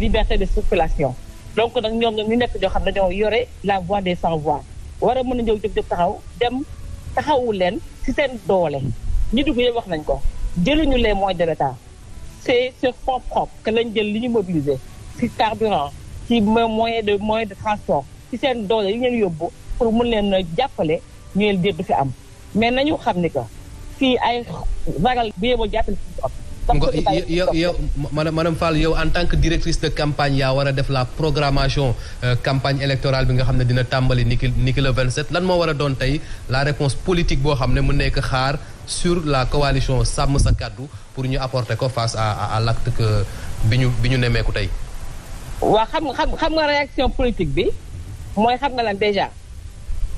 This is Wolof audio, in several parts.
liberté de circulation donc nag ñoom ñoom ñu nekk ñoo xam ne dañoo yore la voix des sans voix war mën a ñëw jóg jóg taxaw dem taxawu leen ci seen doole ñu dugg yëpp wax nañ ko jëluñu leen moyens de l'État c'est sur fonds propres que lañ jël li ñu mobiliser ci carburant ci moyen de moyen de transport ci seen doole yi ngeen yóbbu pour mun leen jàppale ñu leen du fi am mais nañu xam ni ko fii ay ragal bu yeboo jàppale ci yow yow madame madame Fall yow en tant que directrice de campagne yaa war a def la programmation euh, campagne électorale bi nga xam ne dina tàmbali niki niki le 27 lan moo war a doon tey la réponse politique boo xam ne mu nekk xaar sur la coalition sàmm sa kàddu pour ñu apporter ko face à à l' acte bi ñu bi ñu tey. waaw xam nga xam nga réaction politique bi mooy xam nga lan déjà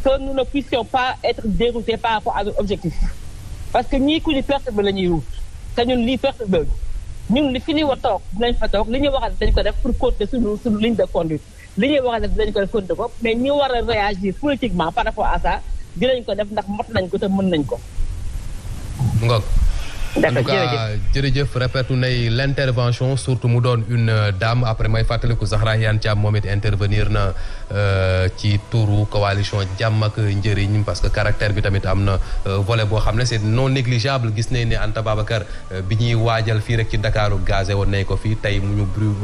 que nous ne puissions pas être déroutés par rapport à nos parce que ñii ku ñu perte te ñun lii fexe bëgg ñun li fi ñuy war toog dinañ fa toog li ñuy waxal dañ ko def pour continuer suñu suñu ligne de conduite li ñuy ne dinañ ko def conduite bopp mais ñu war a réagir politiquement par rapport à ça dinañ ko def ndax mot nañ ko te mën nañ ko. Ngok. d'accord jërëjëf jërëjëf nay l' intervention surtout mu doon une euh, dame après mooy fàttaliku ku Iyane Thiam moom it intervenir na euh, ci turu coalition jàmm ak njëriñ parce que caractère bi tamit am na euh, volet boo xam ne c' est non négligeable gis nañ ne Anta Babacar bi ñuy waajal fii rek ci Dakaaru gazé woon nañ ko fii tey mu ñu bru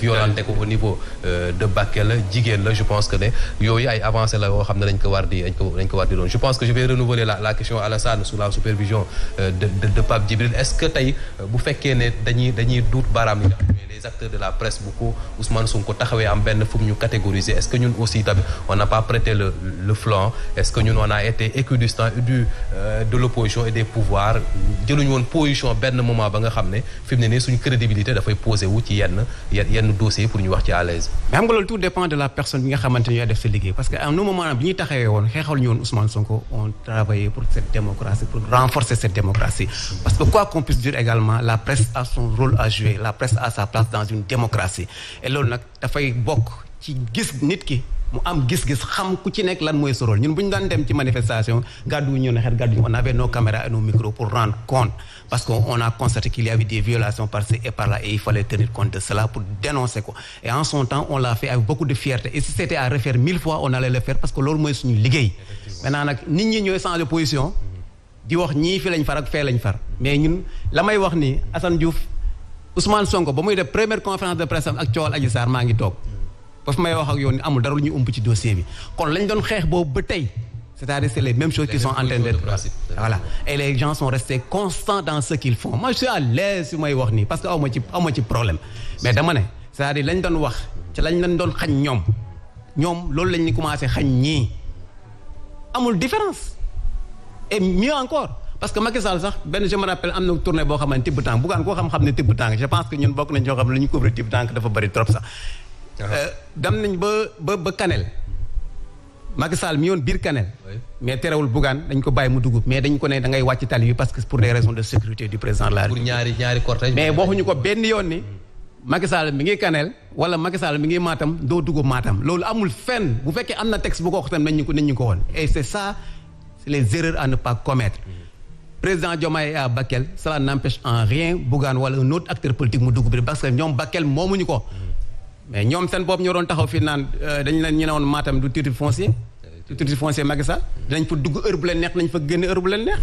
violenté ko au niveau de Bakel jigéen la je pense que ne yooyu ay avancé la yoo xam ne dañ ko war di doon je pense que je vais de de Pape ce que tey euh, bu fekkee ne dañuy dañuy duut baaraam yi les de la presse bu ko Ousmane Sonko taxawee am benn fu ñu catégoriser est-ce que ñun aussi tamit on n'a pas le flanc est-ce que ñun on a été équidistant du euh, de l'opposition et des pouvoirs jëluñu woon position benn moment ba nga xam ne fi ne nii suñu crédibilité dafay posé wu ci yenn yenn dossier pour ñu wax ci à l'aise mais xam nga loolu tout dépend de la personne bi nga xamante ne yaa def sa liggéey parce que à un moment bi ñuy taxawee passe dans une démocratie loolu nag dafay bokk ci gis nit ki mu am gis-gis xam ku ci nekk lan mooy sa ñun bu ñu daan dem ci manifestation gàddu ñu ne xet gàddu ñu on avait parce que on a constaté qu'il y avait des violations et par-là et il fallait tenir compte de cela pour dénoncer ko en son temps on l'a fait avec beaucoup de fierté et si c'était à refaire mille fois on allait le faire parce que loolu mooy suñu liggéey maintenant nag nit ñi ñooy changer position di Ousmane Sonko ba muy def première conférence de presse am ak coowal Adji Sarr maa ngi toog ba fi may wax ak yow ni amul dara ñu ump ci dossier bi kon lañ doon xeex boobu ba tey c'est-à-dire c'est les mêmes choses qui sont en train d'être voilà et les gens sont restés constants dans ce qu'ils font moi je suis à may wax nii parce que aw ma ci problème mais dama ne c'est-à-dire lañ doon wax ci lañ leen doon xañ ñoom ñoom loolu lañ ñu commencé xañ ñii amul différence et mieux encore parce que Macky Sall sax benn je me rappelle am na tournée boo xam tibb tànk bugaan koo xam-xam ne tibb tànk je pense que ñun bokk nañ ñoo xam ne tibb tànk dafa bëri trop sax. Ah. Euh, dem nañ ba ba ba Kanel. Macky Sall mi yoon biir Kanel. mais terewul bugaan dañ ko bàyyi mu dugub mais dañ ko ne da ngay wàcc tali bi parce que pour des raisons de sécurité du président de la République. ñaari ñaari cortège mais waxuñu ko benn yoon ni. Macky Sall mi ngi Kanel wala Macky mi ngi Matam doo dugg Matam loolu amul fenn bu fekkee am na texte bu ko wax tam nañ ko nañ ñu ko woon et c'est ça président Diomaye à euh, Bakel cela n'empêche en rien Bougane wala un autre acteur politique mu dugg bi parce que ñoom Bakel moomuñu ko mais ñoom seen bopp ñoo doon taxaw fii naan euh, dañu leen ñu ne woon Matam du titre foncier du titre foncier Macky Sall dinañ fa dugg heure bu leen neex nañ fa génn heure bu leen neex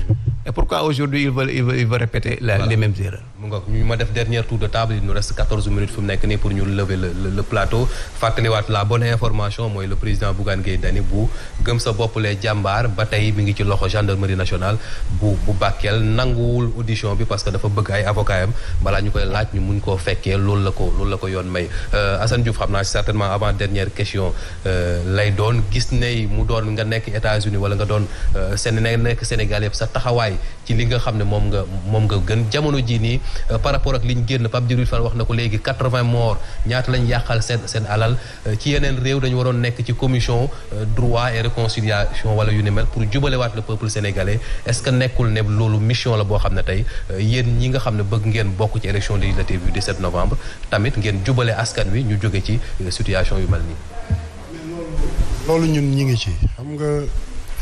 pour pourquoi aujourd'hui il veut il la, voilà. les mêmes mu nga ma def dernier tour de table il nous reste quatorze minutes fu mu nekk nii pour ñu lever le le, le plateau fàttaliwaat la bonne information mooy le président Bougane Gueye Dany bu gëm sa bopp les jàmbaar ba tey mi ngi ci loxo gendarmerie nationale bu bu Bakel nanguwul audition bi parce que dafa bëgg ay avocat am balaa ñu koy laaj ñu mun koo fekkee loolu la ko loolu la ko yoon may euh, Assane Diouf xam naa certainement avant dernière question euh, lay doon gis ne mu doon nga nekk États-Unis wala nga doon euh, Sénégal nekk Sénégal yëpp sa taxawaay. taxawaay ci li nga xam ne moom nga moom nga gën jamono ji nii euh, par rapport ak li ñu génn Pape Djibril Fall wax na ko léegi quatre-vingts morts ñaata lañ yàqal seen seen alal euh, ci yeneen réew dañu waroon nekk ci commission euh, droit et réconciliation wala yu ne mel pour jubalewaat le peuple sénégalais est-ce que nekkul ne loolu mission la boo xam ne tey yéen ñi nga xam ne bëgg ngeen bokk ci élection législative yu 17 novembre tamit ngeen jubale askan wi ñu jóge ci situation yu mel nii.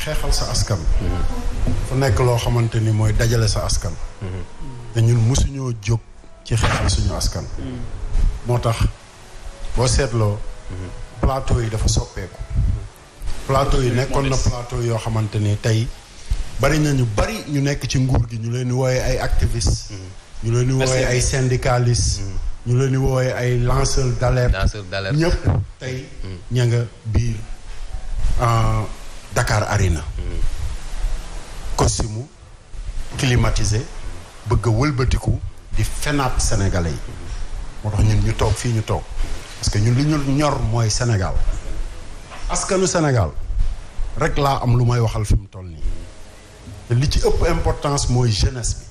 xeexal sa askan fu nekk loo xamante ni mooy dajale sa askan te ñun jóg ci xeexal suñu askan moo tax boo seetloo plateau yi dafa soppeeku plateau yi nekkoon na plateau yoo xamante ni tey bari na ñu bari ñu nekk ci nguur gi ñu leen di wooye ay activiste ñu leen di wooye ay syndicaliste ñu leen di wooye ay lanceur d'alerte ñëpp tey ña nga biir ah, Dakar Arena. costume climatisé bëgg a wëlbatiku di fenaat sénégalais yi. moo tax ñun ñu toog fii ñu toog parce que ñun li ñu ñor mooy senegal askanu Sénégal rek laa am lu may waxal fi mu toll nii te li ci ëpp importance mooy jeunesse bi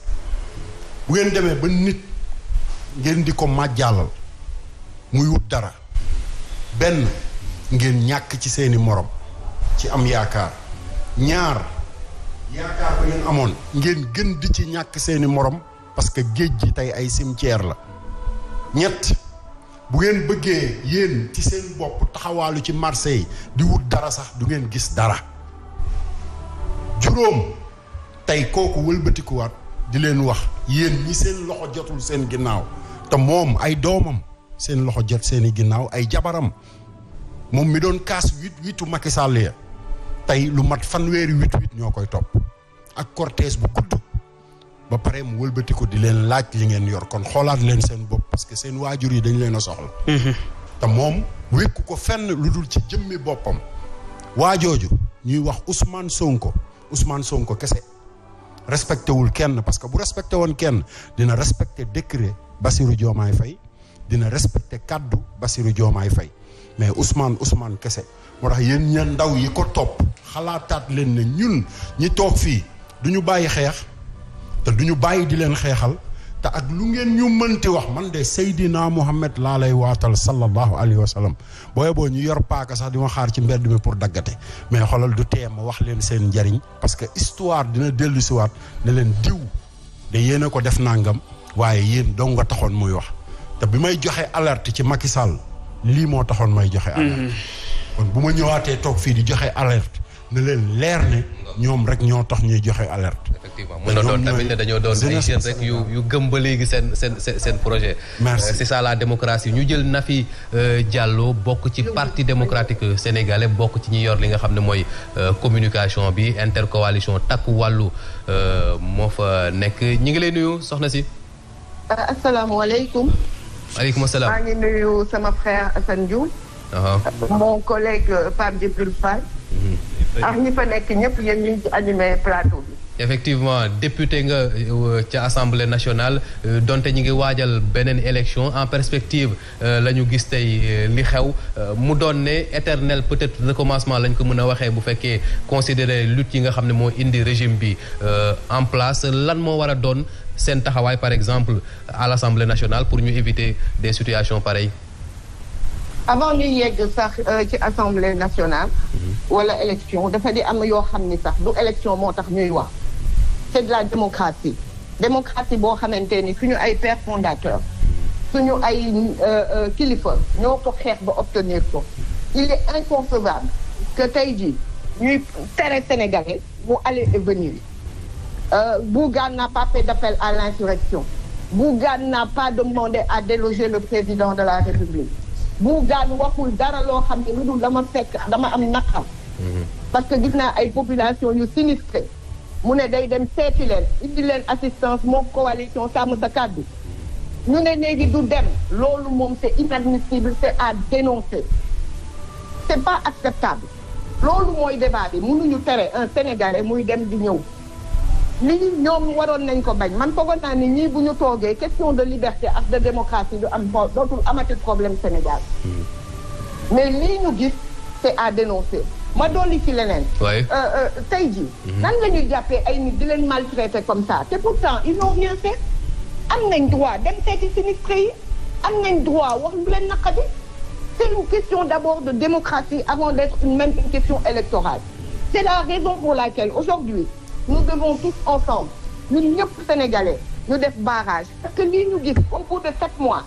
bu ngeen demee ba nit ngeen di ko màjjaalal muy wut dara benn ngeen ñàkk ci seeni moroom ci am yaakaar ñaar yaakaar ba ngeen amoon ngeen gën di ci ñàkk seeni morom parce que géej gi tey ay cimetière la ñett bu ngeen bëggee yéen ci seen bopp taxawaalu ci marché yi di wut dara sax du ngeen gis dara juróom tey kooku wëlbatikuwaat di leen wax yéen ñi seen loxo jotul seen ginnaaw te moom ay doomam seen loxo jot seeni ginnaaw ay jabaram moom mi doon kaas wit witu Macky Sall ya tey lu mat fanweeri huit huit ñoo koy topp ak cortège bu gudd ba pare mu wëlbati ko di leen laaj li ngeen yor kon xoolaat leen seen bopp parce que seen waajur yi dañ leen a soxla. Mhm. te moom wékk ko fenn lu dul ci jëmmi boppam. waajooju ñuy wax Ousmane Sonko Ousmane Sonko kese respecté wul kenn parce que bu respecté woon kenn dina respecté décret Bassirou Diomaye Faye dina respecté kaddu Bassirou Diomaye Faye mais Ousmane Ousmane kese moo tax yéen ña ndaw yi ko topp xalaataat leen ne ñun ñi toog fii duñu bàyyi xeex te duñu bàyyi di leen xeexal te ak lu ngeen ñu mënti wax man de Seydina Muhammad laa lay waatal sallallahu alayhi wa sallam booye boo ñu yor paaka sax di ma xaar ci mbedd mi pour daggate mais xoolal du tee ma wax leen seen njariñ parce que histoire dina dellu siwaat ne leen diw de yéen a ko def nangam waaye yéen dong nga taxoon muy wax te bi may joxe alerte ci Macky Sall lii moo taxoon may joxe alerte mm-hmm. bu ma ñëwaatee toog fii di joxe alerte na leen leer ne ñoom rek ñoo tax ñuy joxe alerte effectivement mën na doon tamit ne dañoo doon ay jeunes rek yu yu gëm ba léegi seen seen seen projet merci euh, c'est ça la démocratie ñu jël Nafi euh, Diallo bokk ci parti démocratique sénégalais bokk ci ñi yor li nga xam ne mooy euh, communication bi intercoalition takku wàllu moo fa nekk ñi ngi lay nuyu soxna si asalaamaaleykum maaleykum salaam maa ngi nuyu sama frère Assane Diouf. mon collègue euh, Pape Djibril Fall. Mhm. ak ñi fa nekk ñëpp yéen ñu ngi ci animé plateau effectivement député nga euh, ca assemblée nationale euh, donte ñu ngi waajal beneen élection en perspective euh, la ñu gis tey li xew mu doon ne éternel peut-être recommencement lañ ko mën a waxee bu fekkee considérer lutte yi nga xam ne moo indi régime bi en place lan moo war a doon seen taxawaay par exemple à l'assemblée nationale pour ñu éviter des situations pareilles. avant ñuy yegg sax ci assemblée nationale. Mhm. wala élection dafa di am yoo xam ni sax du élection moo tax ñuy wax. c'est de la démocratie démocratie boo xamante ni suñu ay père fondateur suñu ay euh, euh, kilifa ñoo ko xeex ba obtenir ko il est inconcevable que tey jii ñuy tere sénégalais mu aller et venir euh, gaan n'a pas fait d'appel à l'insurrection Bougane n'a pas demandé à déloger le président de la République Bougane waxul dara loo xam ne lu dul dama fekk dama am naqar mm-hmm. parce que gis naa ay population yu sinistré mu ne day dem seeti leen indi leen assistance moom coalition sàmm sa kàddu ñu ne léegi du dem loolu moom c'est inadmissible c'est à dénoncer c'est pas acceptable loolu mooy débat bi mënuñu tere un sénégalais muy dem di ñëw lii ñoom waroon nañ ko bañ man foogoon ni ñii bu ñu toogee question de liberté ak de démocratie du am dootul amati problème Sénégal hmm. mais lii ñu gis c'est à dénoncer ma dolli ci leneen. waay euh, euh, tey jii. Mhm. nan la ñuy jàppee ay nit di leen maltraité comme ça te pourtant ils n'ont rien fait am nañ droit dem seeti sinistré yi am nañ droit wax lu leen naqadi c'est une question d'abord de démocratie avant d'être une même une question électorale c'est la raison pour laquelle aujourd'hui nous devons tous ensemble ñun ñëpp sénégalais ñu def barrage parce que lii ñu gis sept mois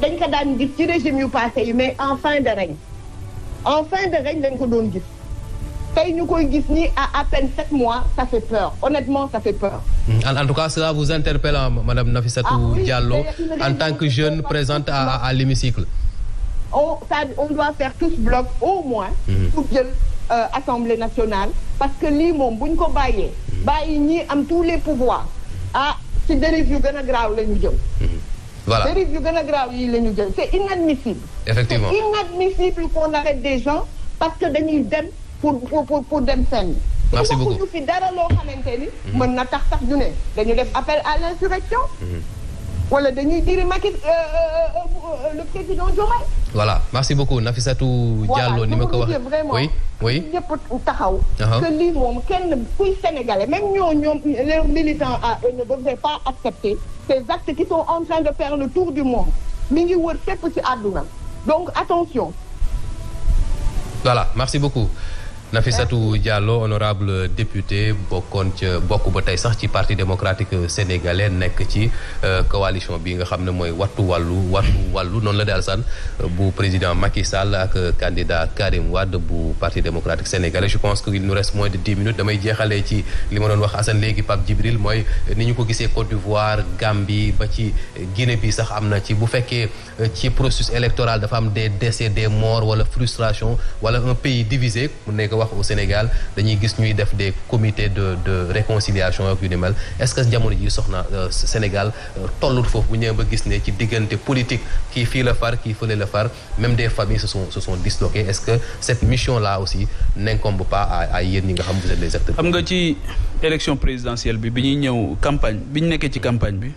dañ ko daan gis ci régime yu mais en fin de règne en fin de règne lañ ko doon gis tey ñu koy gis nii à à peine sept mois ça fait peur honnêtement ça fait peur. Hmm. en en tout cas cela vous interpelle madame Nafissatou ah Diallo en tant que jeune présente à à l'hémicycle on ça on doit faire tous bloc au moins. Hmm. pour jël euh, assemblée nationale. parce que lii moom bu ñu ko bàyyee. Hmm. bàyyi ñii am tous les pouvoirs ah ci dérive yu gën a graaw la ñu jëm. voilà dérive yu gën a grave yi la ñu jël c'est inadmissible effectivement c'est inadmissible qu'on arrête des gens parce que dañuy dem pour pour pour dem seen merci beaucoup waxuñu fi dara loo xamante ni mhm. mën na tax sax ñu ne def appel à l'insurrection mhm. wala dañuy diri Macky euh, euh, euh, le président Diomaye voilà merci beaucoup Nafissatou Diallo ni ma ko waxee oui oui ñëpp taxaw uh-huh. que lii moom kenn kuy sénégalais même ñoo ñoom les militants à eux ne devraient pas accepter ces actes qui sont en train de faire le tour du monde mi ngi wër fépp ci àdduna donc attention voilà merci beaucoup Nafissatou Diallo honorable député bokkoon ca bokk ba tey sax ci parti démocratique sénégalais nekk ci euh, coalition bi nga xam ne mooy wattu wàllu wattu wàllu noonu la daal san bu président Macky Sall ak candidat Karim wadd bu parti démocratique sénégalais je pense que il nous reste de dix minutes damay jeexalee ci li ma doon wax Assane léegi Pape Djibril mooy ni ñu ko gisee Côte d'Ivoire Gambie ba ci Guinée bi sax am na ci bu fekkee euh, ci processus électoral dafa am des décès des morts wala frustration wala wax au Sénégal dañuy gis ñuy def des comités de de réconciliation ak yu ni mel est-ce que jamono ji soxna euh, Sénégal euh, tollut foofu bu ñëwee ba gis ne ci diggante politique kii fii la far kii fële la far même des familles se sont se sont disloquées est-ce que cette mission là aussi n'incombe pas à à yéen ñi nga xam vous êtes les acteurs. xam nga ci élection présidentielle bi bi ñuy ñëw campagne bi ñu nekkee ci campagne bi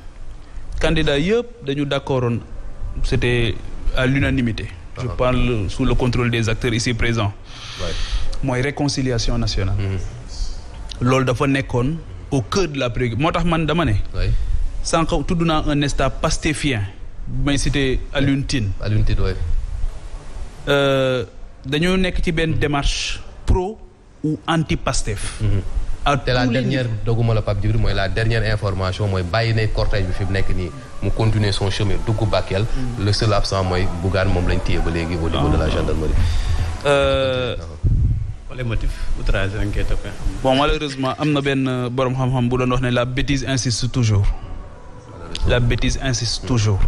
candidat yëpp dañu d'accordoon c'était à l'unanimité je ah. parle sous le contrôle des acteurs ici présents. mooy réconciliation nationale. loolu dafa nekkoon au cœur de la préoccupation moo tax man dama ne. sànq tudd na un état pastéfien may cité Alioune Tine. Alioune Tine euh, dañoo nekk ci benn démarche pro ou anti Pastef. Mhm. à te la dernière doguma la Pape Djibril mooy la dernière information mooy bàyyi nay cortège bi fi mu nekk nii mu continuer son chemin dugg Bakel. Mhm. le seul absent mooy Bougane moom lañ téye ba léegi au niveau de la ah. gendarmerie. Euh, ah. les motifs outrage lañ koy toppee. bon malheureusement am na benn borom xam-xam bu doon wax ne la bêtise insiste toujours. la bêtise insiste toujours.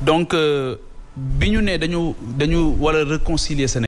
donc euh, bi ñu ne dañu dañu war a réconcilier Sénégal.